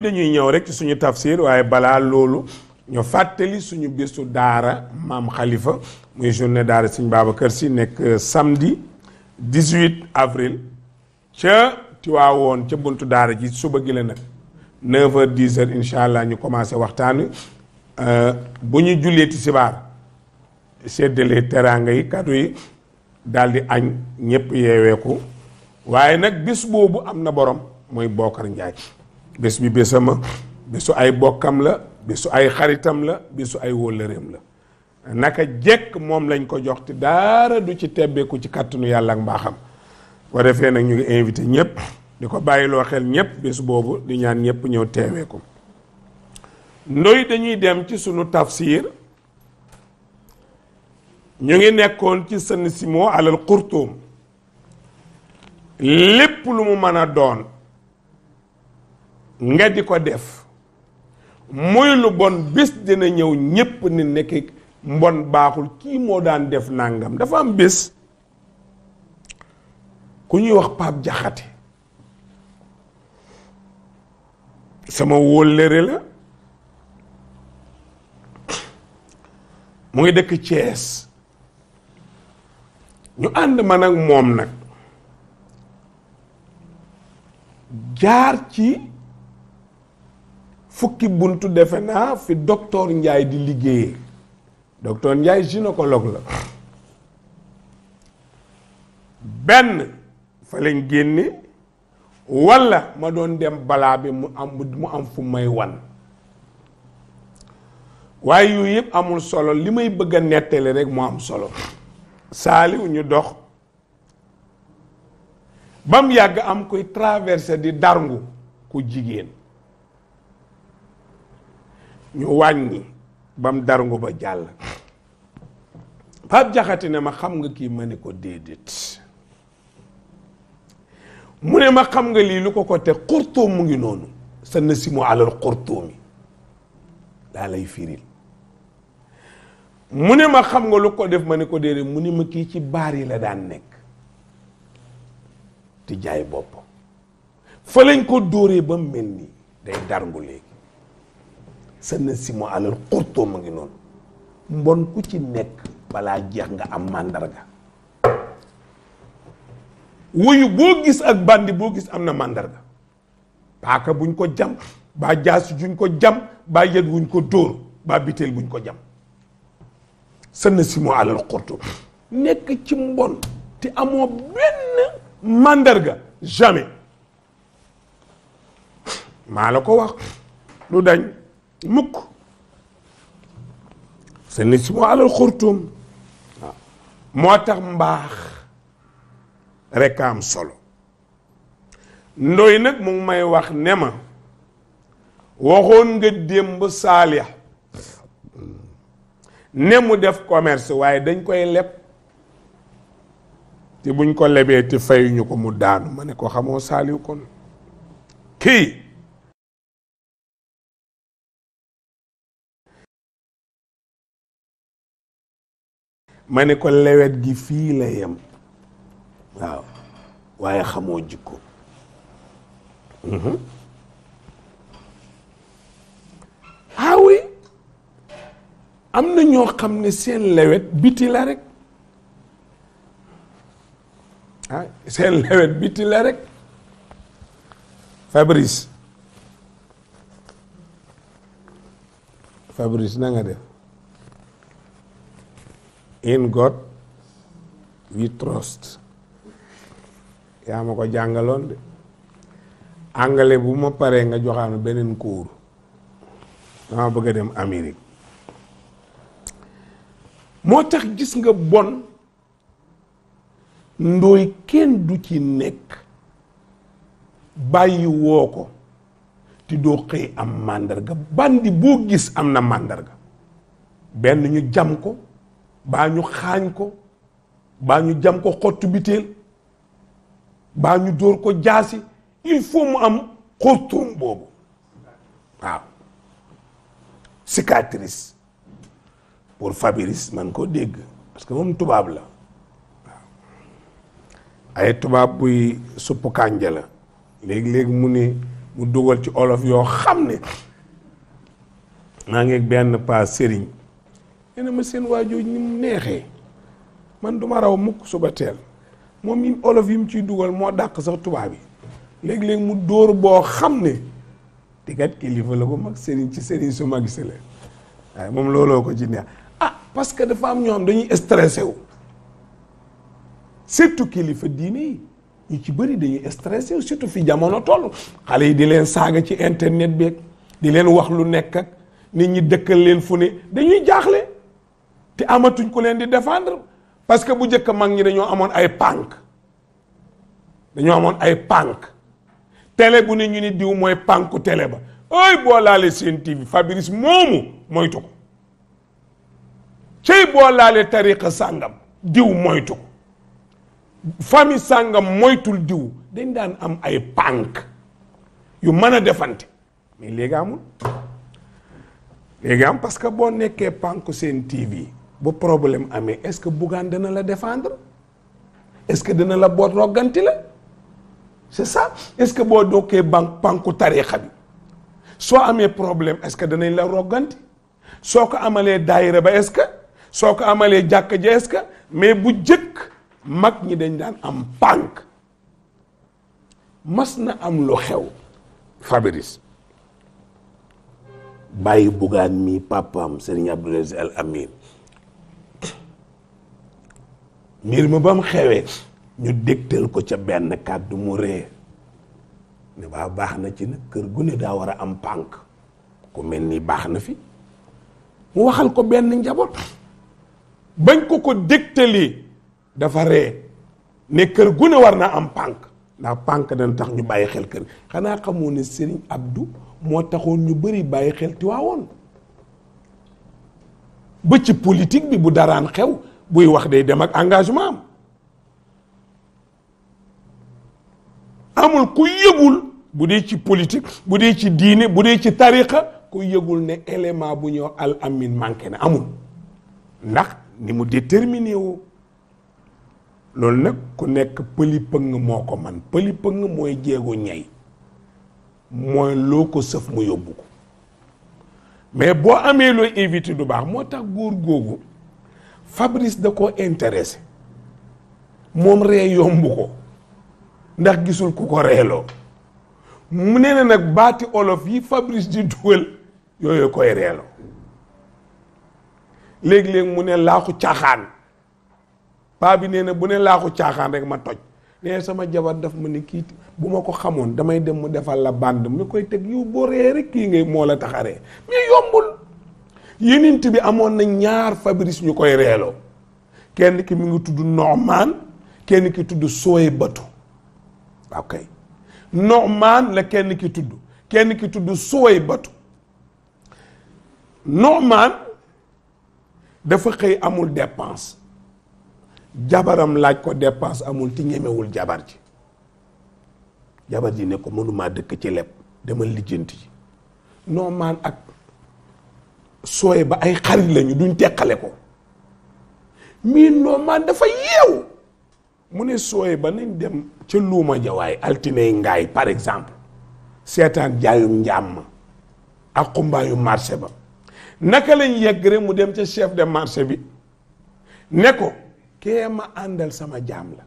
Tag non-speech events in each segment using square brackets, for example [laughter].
dañuy ñëw rek ci suñu tafsir waaye balaa loolu ñu fàttali suñu bésu daara maam Khalifa muy journée daara Sëñ kër si nekk euh, samedi 18 avril ca Tiwaawoon ca buntu daara ji suba gi la nag 9h 10 allah ñu commencé waxtaan euh, bu ñu julleeti sibaar seddalee teraanga yi kaddu yi daal añ ñëpp yeeweeku waaye nag bis boobu am na borom mooy Bokar Ndiaye. bés bi bésama bésu ay bokkam la bésu ay xaritam la bésu ay wóllëreem la naka jekk moom lañ ko jox te daara du ci tebbeeku ci kàttanu yàlla ak mbaaxam boo defee nag ñu ngi invité ñëpp di ko bàyyiloo xel ñëpp bés boobu di ñaan ñëpp ñëw teewee ko dañuy dem ci sunu tafsir ñu ngi nekkoon ci sën simo alal xurtuum lépp lu mu mën a doon nga di ko def muy lu bon bés dina ñëw ñépp ni nekk mbon baaxul kii moo daan def nàngam dafa am bés ku ñuy wax Pape Jaxate sama wóllëre la mu ngi dëkk Thiès ñu ànd ma ak moom nag jaar ci fukki buntu defe naa fi docteur Ndiaye di liggéeyee docteur njaay gynécologue la benn fa lañ génne walla ma doon dem balaa bi mu am mu am fu may wan waaye yooyu yëpp amul solo li may bëgg a nettali rekk mu am solo saaliw ñu dox ba mu yàgg am koy traversé di darngu ku jigéen ñu wàññi ba mu darngu ba jàll Pape Jaxate ne ma xam nga kii ma ne ko déedéet mu ne ma xam nga lii lu ko ko te xurtóom mu ngi noonu sa simu alal xurtóomi daa lay fiiri mu ne ma xam nga lu ko def ma ne ko déedéet mu ne ma kii ci baar yi la daan nekk di jaay bopp fa lañ ko dóoree ba mel nii day darngu léegi sa na si mu alal xurtoo ngi noonu mbon ku ci nekk balaa jeex nga am màndarga wuyu boo gis ak bandi boo gis am na màndarga paaka buñ ko jam baa jaas juñ ko jam baa yet wuñ ko dóor biteel buñ ko jam sa na si mu alal nekk ci mbon ti amoo benn màndarga jamais maa la ko wax lu dañ mukk sa nit si moo alal xurtum moo tax mbaax rekk am solo ndoy nag mu may wax ne ma waxoon nga démb saalix ne mu def commerce waaye dañ koy leb te buñ ko lebee te fayuñu ko mu daanu ma ne ko xamoo saaliw kon kii ma ne ko lewet gi fii la yem waaw waaye xamoo jikko mm-hmm. ah oui am na ñoo xam ne seen lawet biti la rek ah, seen [laughs] lewet biti la rek Fabrice Fabrice na nga def in God we trust yaa ma ko jàngaloon de anglais bu ma paree nga joxaanu beneen cours dama bëgg a dem Amérique moo tax gis nga bon ndooy kenn du ci nekk bàyyiwoo ko te doo xëy am màndarga bandi boo gis am na màndarga benn ñu jam ko baa ñu xaañ ko baa ñu jam ko xottu biteel baa ñu dóor ko jaasi il faut mu am xotturum boobu waaw cicatrice pour Fabrice man koo dégg parce que moom tubaab la waaw ay tubaab buy suppu kànja la léegi-léegi mu ni mu dugal ci olof yoo xam ne maa ngi benn paa sëriñ nee na ma seen waajoo ni mu neexee man duma raw mukk suba teel moom yi olof yi mu ciy dugal moo dàq sax tubaab yi léegi léeg mu dóor boo xam ne te kat kilifa la bu mag sëriñ ci sëriñ su mag si la waaye moom looloo ko ci neex ah parce que dafa am ñoo xam dañuy stressé wu surtout kilifa diine yi ñu ci bëri dañuy stressé wu surtout fi jamono toll xale yi di leen saaga ci internet beeg di leen wax lu nekk ak nit ñi dëkkal leen fu ne dañuy jaaxle. te amatuñ ko leen di défendre parce que bu njëkk mag ñi dañoo amoon ay pànk dañoo amoon ay pànk tele bu ne ñu ni diw mooy pànku tele ba ay boo seen TV Fabrice moomu moytu ko cey boo laalee sàngam diw moytu ko famille sàngam moytul diw dañ daan am ay pànk yu mën a defante mais léegi amul léegi am parce que boo nekkee pànku seen TV bu problème amee est-ce que Bougane dana la defendre est-ce que dana la boot rogganti la c'est ça est-ce que boo dokkee banque banku tariixa bi soo amee problème est-ce que danañ la rogganti soo ko amalee daayira ba est-ce que soo ko amalee jàkka ja est-ce que mais bu jëkk mag ñi dañ daan am pànk mas na am lu xew Fabrice bàyyi Bougane mi papaam Serigne Abdoul Aziz Al Amine mbir ma ba mu xewee ñu dégtal ko ca benn kàddu mu ree ne waa baax na ci nag kër gu ne daa war a am pànk ku mel ni baax na fi mu waxal ko benn njaboot bañ ko ko dégtali dafa ree ne kër gu war naa am pànk ndax pànk dana tax ñu bàyyi xel kër xanaa xamoo ne Serigne Abdou moo taxoon ñu bari bàyyi xel Tiwaawoon ba ci politique bi bu daraan xew buy wax day dem ak engagement am amul ku yëgul bu dee ci politique bu dee ci diine bu dee ci tariqa ku yëgul ne élément bu ñoo al amin manqué na amul ndax ni mu déterminé woo loolu nag ku nekk pëli pëng moo ko man pëli pëng mooy jéego ñay mooy loo ko sëf mu yóbbu ko mais boo amee looy éviter du baax moo tax góor googu Fabrice da ko intéressé moom ree yomb ko ndax gisul ku ko reeloo mu ne na nag baati olof yi Fabrice di dugal yooyu koy reeloo léegi-léeg mu ne laaxu caaxaan paa bi nee na bu ne laaxu caaxaan rek ma toj nee sama jabar daf ma ni kii bu ma ko xamoon damay dem mu defal la bande mu koy teg yow boo ree rek kii ngay moo la taxaree mais yombul yenent bi amoon na ñaar Fabrice ñu koy reeloo kenn ki mu ngi tudd Norman kenn ki tudd Sooy Batu waaw kay kenn ki tudd kenn ki tudd Sooy Batu Norman dafa xëy amul dépense jabaram laaj ko dépense amul ci ñemewul jabar ji jabar ji ne ko mënumaa dëkk ci leb demal lijjanti Norman ak sooy ba ay xarit lañu duñ teqale ko mii noomaan dafa yeew mu ne sooy ba nañ dem ca luuma jawaay altinay ngaay par exemple seetaan jaayum njaam ma ak xumbaayu marché ba naka lañ yegg rek mu dem ca chef de marché bi ne ko kee ma àndal sama jaam la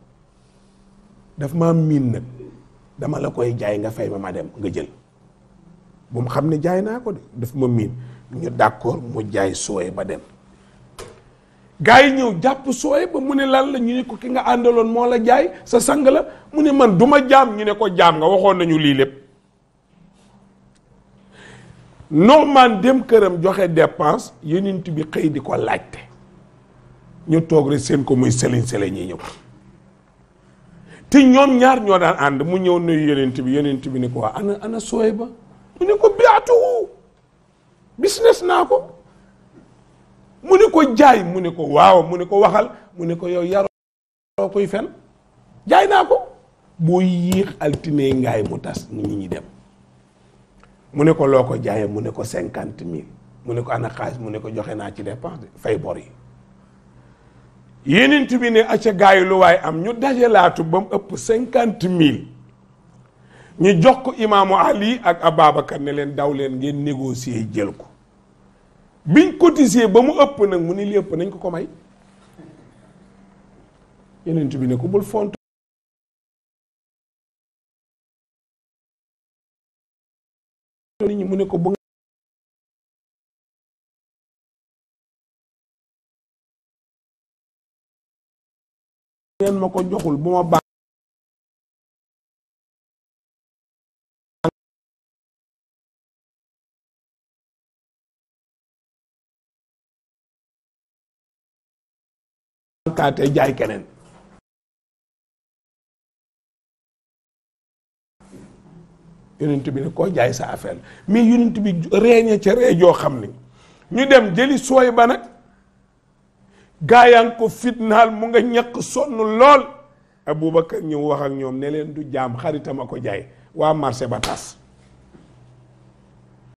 daf maa miin nag dama la koy jaay nga fay ma ma dem nga jël bu mu xam ne jaay naa ko de daf ma miin ñu d'accord mu jaay sooye ba dem gars yi ñëw jàpp sooye ba mu ne lan la ñu ne ko ki nga àndaloon moo la jaay sa sang la mu ne man duma ma jaam ñu ne ko jaam nga waxoon nañu lii lépp norman dem këram joxe dépense yenint bi xëy di ko laajte ñu toog rek seen ko muy sëliñ sëliñ ñi ñëw te ñoom ñaar ñoo daan ànd mu ñëw nuyu yenint bi yenint bi ne ko waa ana ana sooye ba mu ne ko biatu business naa ko mu ne ko jaay mu ne ko waaw mu ne ko waxal mu ne ko yow yaroo koy fen jaay naa ko boo yéex altine ngaay mu tas nit ñi dem mu ne ko loo ko jaayee mu ne ko cinquante mille mu ne ko ana xaalis mu ne ko joxe naa ci dépense fay bor yi yeneen bi acca gaayu lu waaye am ñu dajalaatu ba mu ëpp cinquante mille ñu jox ko imaamu Ali ak Ababacar ne leen daw leen ngeen négocier jël ko biñ cotisé ba mu ëpp nag mu ni li ëpp nañ ko ko may yenent bi ne ko bul font nit ñi mu ne ko bu ngeen ma ko joxul bu ma baax yaakaatee jaay keneen yonent bi ne koo jaay sa affaire mais yonent bi reeñe ca ree joo xam ni ñu dem jëli sooy ba nag gaayaan ko fitnaal mu nga ñàkk sonn lool Aboubacar ñëw wax ak ñoom ne du jaam xaritama ko jaay waa marché ba tas